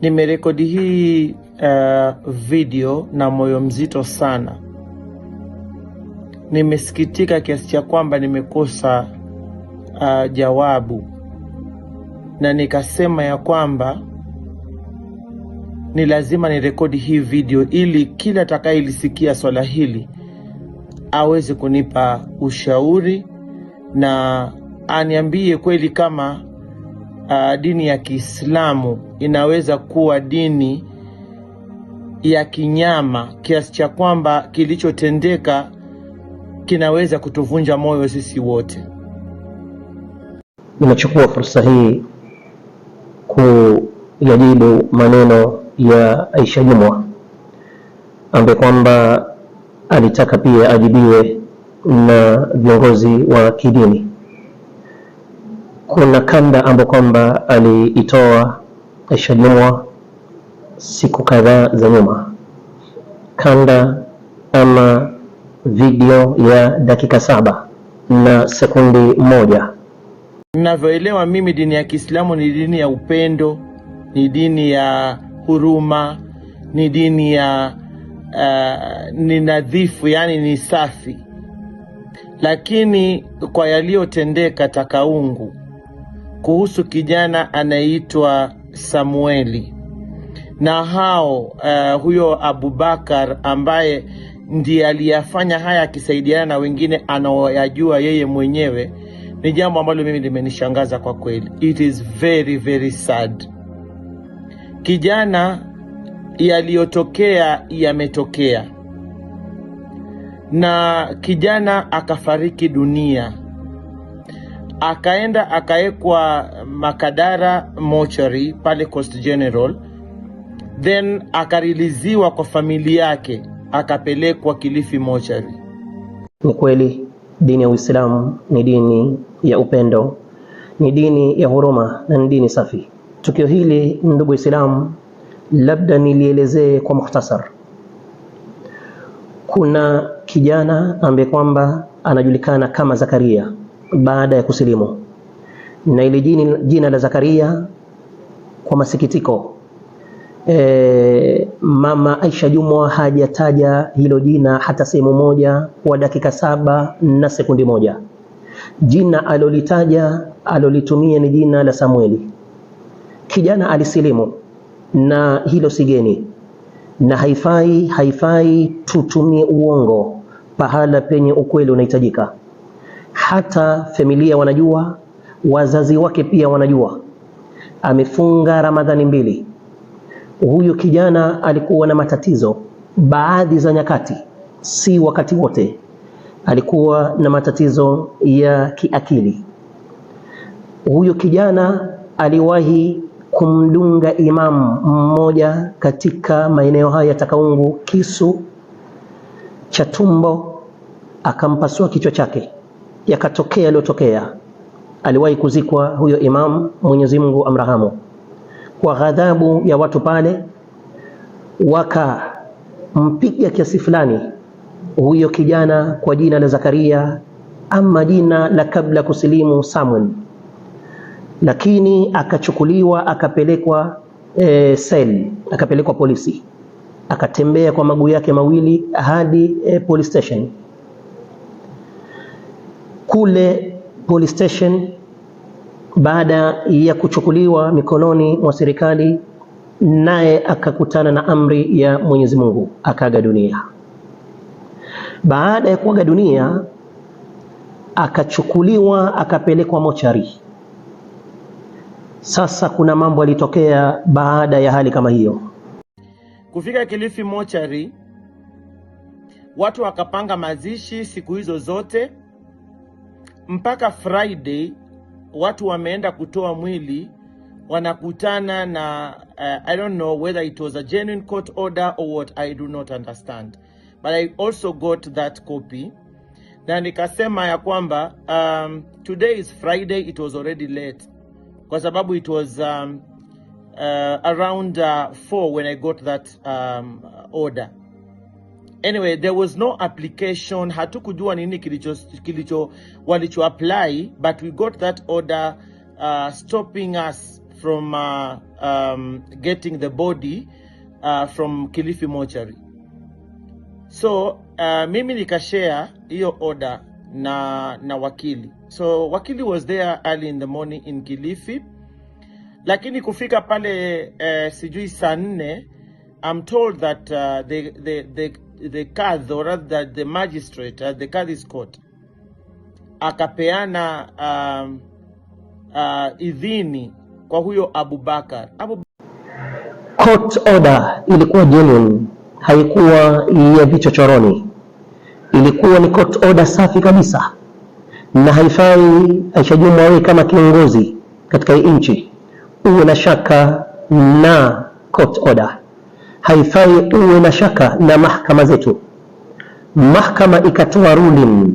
Nimerekodi hii uh, video na moyo mzito sana. Nimesikitika kiasi cha kwamba nimekosa uh, jawabu, na nikasema ya kwamba ni lazima nirekodi hii video ili kila atakayelisikia swala hili aweze kunipa ushauri na aniambie kweli kama uh, dini ya Kiislamu inaweza kuwa dini ya kinyama kiasi cha kwamba kilichotendeka kinaweza kutuvunja moyo sisi wote. Ninachukua fursa hii kuyajibu maneno ya Aisha Jumwa ambaye kwamba alitaka pia ajibiwe na viongozi wa kidini kuna kanda ambayo kwamba aliitoa Shajumwa siku kadhaa za nyuma, kanda ama video ya dakika saba na sekundi moja. Ninavyoelewa mimi, dini ya Kiislamu ni dini ya upendo, ni dini ya huruma, ni dini ya uh, ni nadhifu, yani ni safi, lakini kwa yaliyotendeka Takaungu kuhusu kijana anayeitwa Samueli na hao uh, huyo Abubakar ambaye ndiye aliyafanya haya akisaidiana na wengine anaoyajua yeye mwenyewe, ni jambo ambalo mimi limenishangaza kwa kweli. It is very very sad. Kijana, yaliyotokea yametokea, na kijana akafariki dunia akaenda akawekwa Makadara mochari pale Coast General, then akariliziwa kwa familia yake, akapelekwa Kilifi mochari. Ni kweli dini ya Uislamu ni dini ya upendo, ni dini ya huruma na ni dini safi. Tukio hili ndugu Waislamu, labda nilielezee kwa mukhtasar. Kuna kijana ambaye kwamba anajulikana kama Zakaria baada ya kusilimu. Na ile jina, jina la Zakaria kwa masikitiko e, mama Aisha Jumwa hajataja hilo jina hata sehemu moja kwa dakika saba na sekundi moja. Jina alolitaja alolitumia ni jina la Samueli. Kijana alisilimu na hilo sigeni na haifai, haifai tutumie uongo pahala penye ukweli unahitajika hata familia wanajua, wazazi wake pia wanajua, amefunga Ramadhani mbili. Huyu kijana alikuwa na matatizo baadhi za nyakati, si wakati wote. Alikuwa na matatizo ya kiakili. Huyu kijana aliwahi kumdunga imamu mmoja katika maeneo haya ya Takaungu kisu cha tumbo, akampasua kichwa chake yakatokea yaliyotokea. Aliwahi kuzikwa huyo imam, Mwenyezi Mungu amrahamu, kwa ghadhabu ya watu pale, wakampiga kiasi fulani huyo kijana kwa jina la Zakaria ama jina la kabla kusilimu Samuel, lakini akachukuliwa akapelekwa e, sel akapelekwa polisi, akatembea kwa maguu yake mawili hadi e, police station kule police station baada ya kuchukuliwa mikononi mwa serikali, naye akakutana na amri ya Mwenyezi Mungu akaaga dunia. Baada ya kuaga dunia, akachukuliwa akapelekwa mochari. Sasa kuna mambo yalitokea baada ya hali kama hiyo. Kufika Kilifi mochari, watu wakapanga mazishi siku hizo zote mpaka Friday watu wameenda kutoa mwili, wanakutana na uh, I don't know whether it was a genuine court order or what I do not understand but I also got that copy na nikasema ya kwamba um, today is Friday, it was already late kwa sababu it was um, uh, around uh, when I got that um, order Anyway, there was no application, hatukujua nini kilicho, kilicho walicho apply but we got that order uh, stopping us from uh, um, getting the body uh, from Kilifi mortuary. So uh, mimi nikashare hiyo order na na wakili. So wakili was there early in the morning in Kilifi, lakini kufika pale uh, sijui saa nne I'm told that uh, the, the, the the kadhi or rather the magistrate at uh, the kadhi's court akapeana um, uh, idhini kwa huyo Abubakar Abu... court order ilikuwa genuine, haikuwa ya vichochoroni, ilikuwa ni court order safi kabisa, na haifai Aisha Juma, wewe kama kiongozi katika hii nchi uwe na shaka na court order haifai uwe na shaka na mahakama zetu. Mahakama ikatoa ruling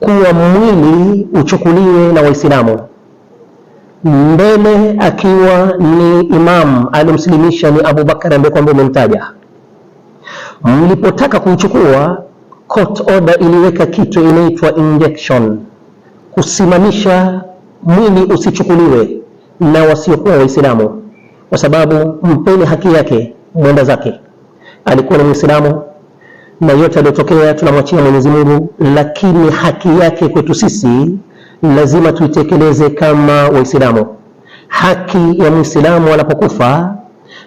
kuwa mwili uchukuliwe na Waislamu mbele akiwa ni imamu aliyemsilimisha ni abubakari ambaye kwamba umemtaja. Mlipotaka kuuchukua, court order iliweka kitu inaitwa injection, kusimamisha mwili usichukuliwe na wasiokuwa Waislamu kwa sababu mpeni haki yake mwenda zake. Alikuwa ni Muislamu na yote aliyotokea tunamwachia Mwenyezi Mungu, lakini haki yake kwetu sisi lazima tuitekeleze kama Waislamu. Haki ya Muislamu anapokufa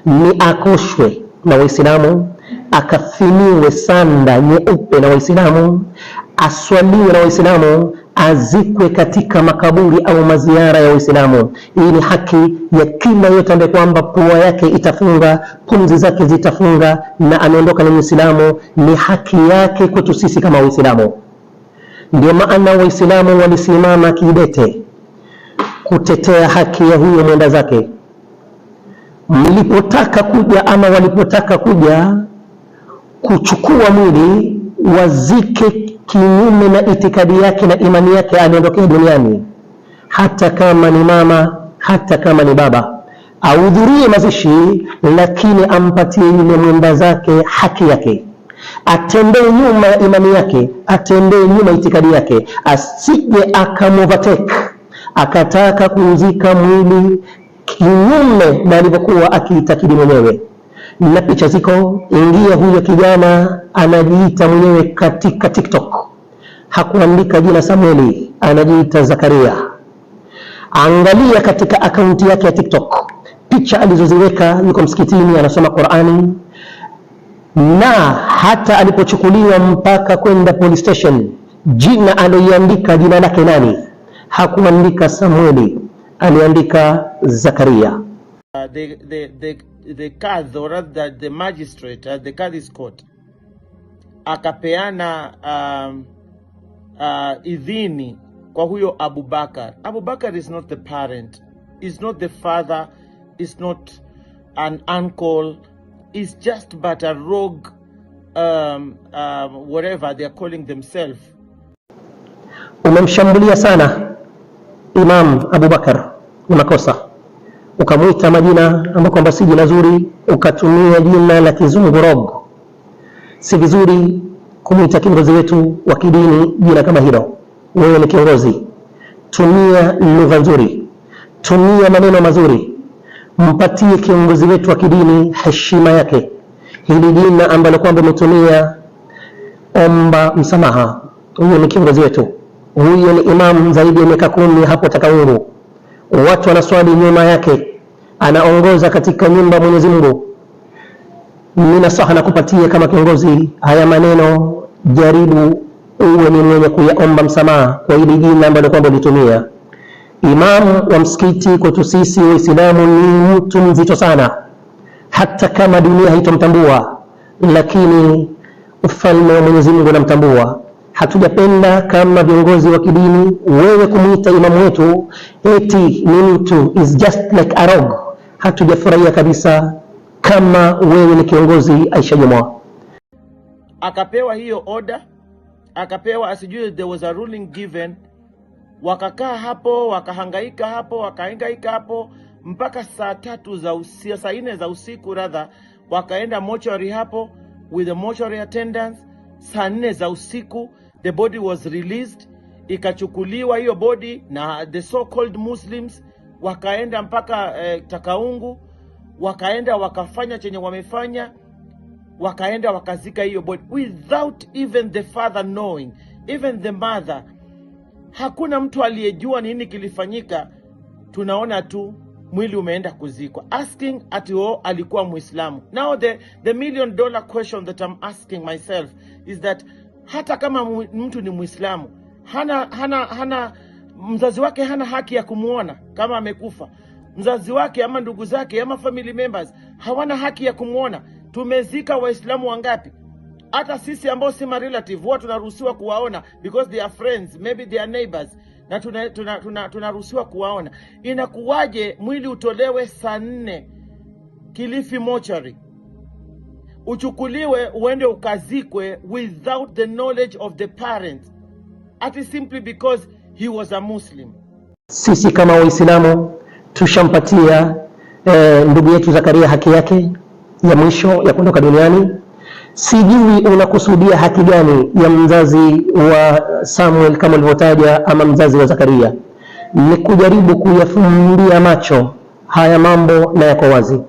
ni akoshwe na Waislamu, akafiniwe sanda nyeupe na Waislamu, aswaliwe na Waislamu azikwe katika makaburi au maziara ya Uislamu. Hii ni haki ya kila yote ambaye kwamba pua yake itafunga, pumzi zake zitafunga, na ameondoka ni Muislamu. Ni haki yake kwetu sisi kama Waislamu. Ndio maana Waislamu walisimama kidete kutetea haki ya huyo mwenda zake. Mlipotaka kuja ama walipotaka kuja kuchukua mwili wazike kinyume na itikadi yake na imani yake ameondokea duniani, hata kama ni mama, hata kama ni baba, ahudhurie mazishi, lakini ampatie yule mwenda zake haki yake, atendee nyuma ya imani yake, atendee nyuma itikadi yake, asije akamovatek akataka kuuzika mwili kinyume na alivyokuwa akiitakidi mwenyewe na picha ziko. Ingia, huyo kijana anajiita mwenyewe katika TikTok, hakuandika jina Samueli, anajiita Zakaria. Angalia katika akaunti yake ya TikTok picha alizoziweka, yuko msikitini anasoma Qur'ani, na hata alipochukuliwa mpaka kwenda police station, jina aloiandika jina lake nani? Hakuandika Samueli, aliandika Zakaria. Uh, they, they, they the kadhi or rather the magistrate at uh, the kadhi's court akapeana um, uh, idhini kwa huyo Abubakar. Abubakar is not the parent, is not the father, is not an uncle, is just but a rogue um, um, whatever they are calling themselves. Umemshambulia sana Imam Abubakar, unakosa ukamwita majina ambayo kwamba si jina zuri, ukatumia jina la kizungu rog. Si vizuri kumwita kiongozi wetu wa kidini jina kama hilo. Wewe ni kiongozi, tumia lugha nzuri, tumia maneno mazuri, mpatie kiongozi wetu wa kidini heshima yake. Hili jina ambalo kwamba umetumia, omba msamaha. Huyo ni kiongozi wetu, huyo ni imamu zaidi ya miaka kumi hapo Takawuru, watu wanaswali nyuma yake anaongoza katika nyumba Mwenyezi Mungu. Mimi nasaha nakupatia kama kiongozi, haya maneno jaribu uwe ni mwenye kuyaomba msamaha kwa hili jina ambalo kwamba ulitumia. Imamu wa msikiti kwetu sisi Waislamu ni mtu mzito sana, hata kama dunia haitomtambua lakini ufalme wa Mwenyezi Mungu unamtambua. Hatujapenda kama viongozi wa kidini wewe kumuita imamu wetu eti ni mtu, is just like a rogue hatujafurahia kabisa kama wewe ni kiongozi Aisha Jumwa. Akapewa hiyo order, akapewa asijue, there was a ruling given. Wakakaa hapo wakahangaika hapo wakahangaika hapo mpaka saa tatu za usiku, saa nne za usiku radha, wakaenda mortuary hapo with the mortuary attendants. Saa nne za usiku the body was released, ikachukuliwa hiyo body na the so called Muslims wakaenda mpaka e, Takaungu, wakaenda wakafanya chenye wamefanya, wakaenda wakazika hiyo bodi without even the father knowing, even the mother. Hakuna mtu aliyejua nini kilifanyika. Tunaona tu mwili umeenda kuzikwa, asking ati o alikuwa Muislamu. Now the, the million dollar question that I'm asking myself is that hata kama mtu ni Muislamu hana hana hana mzazi wake hana haki ya kumwona kama amekufa. Mzazi wake ama ndugu zake ama family members hawana haki ya kumwona. Tumezika Waislamu wangapi? Hata sisi ambao si marelative huwa tunaruhusiwa kuwaona because they are friends, maybe they are neighbors, na tunaruhusiwa tuna, tuna, tuna kuwaona. Inakuwaje mwili utolewe saa nne Kilifi mochari uchukuliwe uende ukazikwe without the knowledge of the parents, ati simply because He was a Muslim. Sisi kama Waislamu tushampatia eh, ndugu yetu Zakaria haki yake ya mwisho ya kuondoka duniani. Sijui unakusudia haki gani ya mzazi wa Samuel kama ulivyotaja, ama mzazi wa Zakaria? Ni kujaribu kuyafumbia macho haya mambo na yako wazi,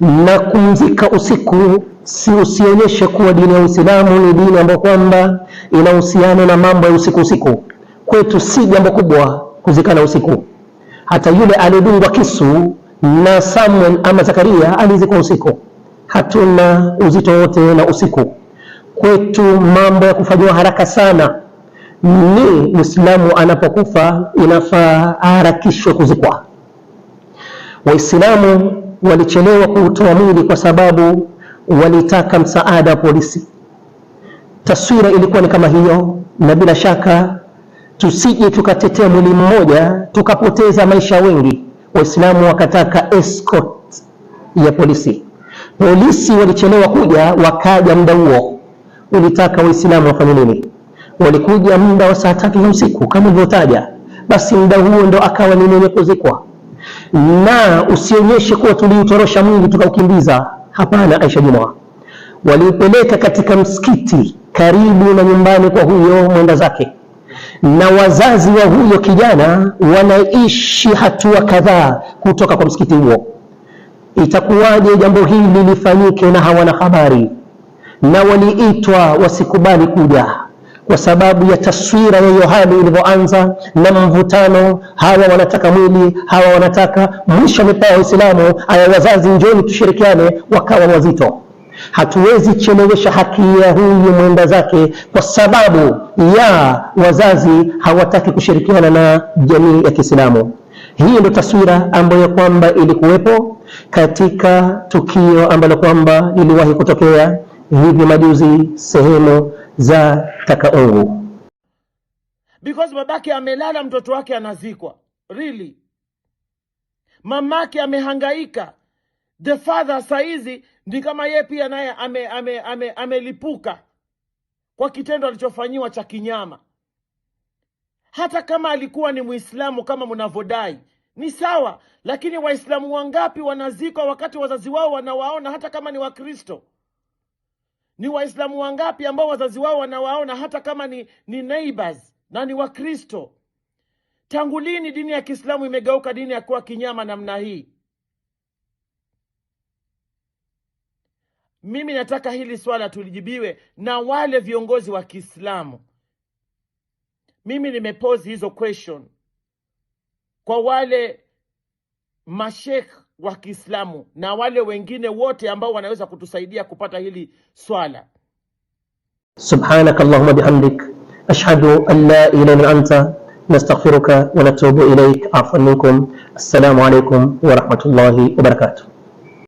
na kumzika usiku si usionyeshe kuwa dini ya Uislamu ni dini ambayo kwamba inahusiana na mambo ya usiku usiku kwetu si jambo kubwa kuzikana usiku. Hata yule aliyedungwa kisu na Samuel ama Zakaria alizikwa usiku. Hatuna uzito wote na usiku kwetu. Mambo ya kufanywa haraka sana ni Muislamu anapokufa inafaa aharakishwe kuzikwa. Waislamu walichelewa kuutoa mwili kwa sababu walitaka msaada wa polisi. Taswira ilikuwa ni kama hiyo, na bila shaka tusije tukatetea mwili mmoja tukapoteza maisha wengi. Waislamu wakataka escort ya polisi. Polisi walichelewa kuja, wakaja muda huo. Ulitaka waislamu wafanye nini? Walikuja muda wa saa tatu za usiku kama ulivyotaja, basi muda huo ndo akawa ni mwenye kuzikwa. Na usionyeshe kuwa tuliutorosha mwingi tukaukimbiza. Hapana, Aisha Juma, waliupeleka katika msikiti karibu na nyumbani kwa huyo mwenda zake na wazazi wa huyo kijana wanaishi hatua kadhaa kutoka kwa msikiti huo. Itakuwaje jambo hili lifanyike na hawana habari? Na waliitwa wasikubali kuja kwa sababu ya taswira ya hiyo hali ilivyoanza na mvutano. Hawa wanataka mwili, hawa wanataka mwisho. Mitaa waislamu aya, wazazi njoni tushirikiane, wakawa wazito Hatuwezi chelewesha haki ya huyu mwenda zake kwa sababu ya wazazi hawataki kushirikiana na jamii ya Kiislamu. Hii ndio taswira ambayo kwamba ilikuwepo katika tukio ambalo kwamba iliwahi kutokea hivi majuzi sehemu za Takaungu, because babake amelala, mtoto wake anazikwa. Really, mamake amehangaika, the father saizi ndi kama yeye pia naye amelipuka ame, ame, ame kwa kitendo alichofanyiwa cha kinyama. Hata kama alikuwa ni Muislamu kama mnavyodai ni sawa, lakini Waislamu wangapi wanazikwa wakati wazazi wao wanawaona, hata kama ni Wakristo? Ni Waislamu wangapi ambao wazazi wao wanawaona hata kama ni, ni neighbors na ni Wakristo? Tangu lini dini ya Kiislamu imegeuka dini ya kuwa kinyama namna hii? Mimi nataka hili swala tulijibiwe na wale viongozi wa Kiislamu. Mimi nimepose hizo question kwa wale mashekh wa Kiislamu na wale wengine wote ambao wanaweza kutusaidia kupata hili swala. Subhanak Allahumma bihamdik ashhadu an la ilaha illa anta nastaghfiruka wa natubu ilaik. Afwan minkum. Assalamu alaykum wa rahmatullahi wa barakatuh.